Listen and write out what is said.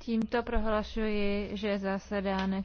Tímto prohlašuji, že zasedánek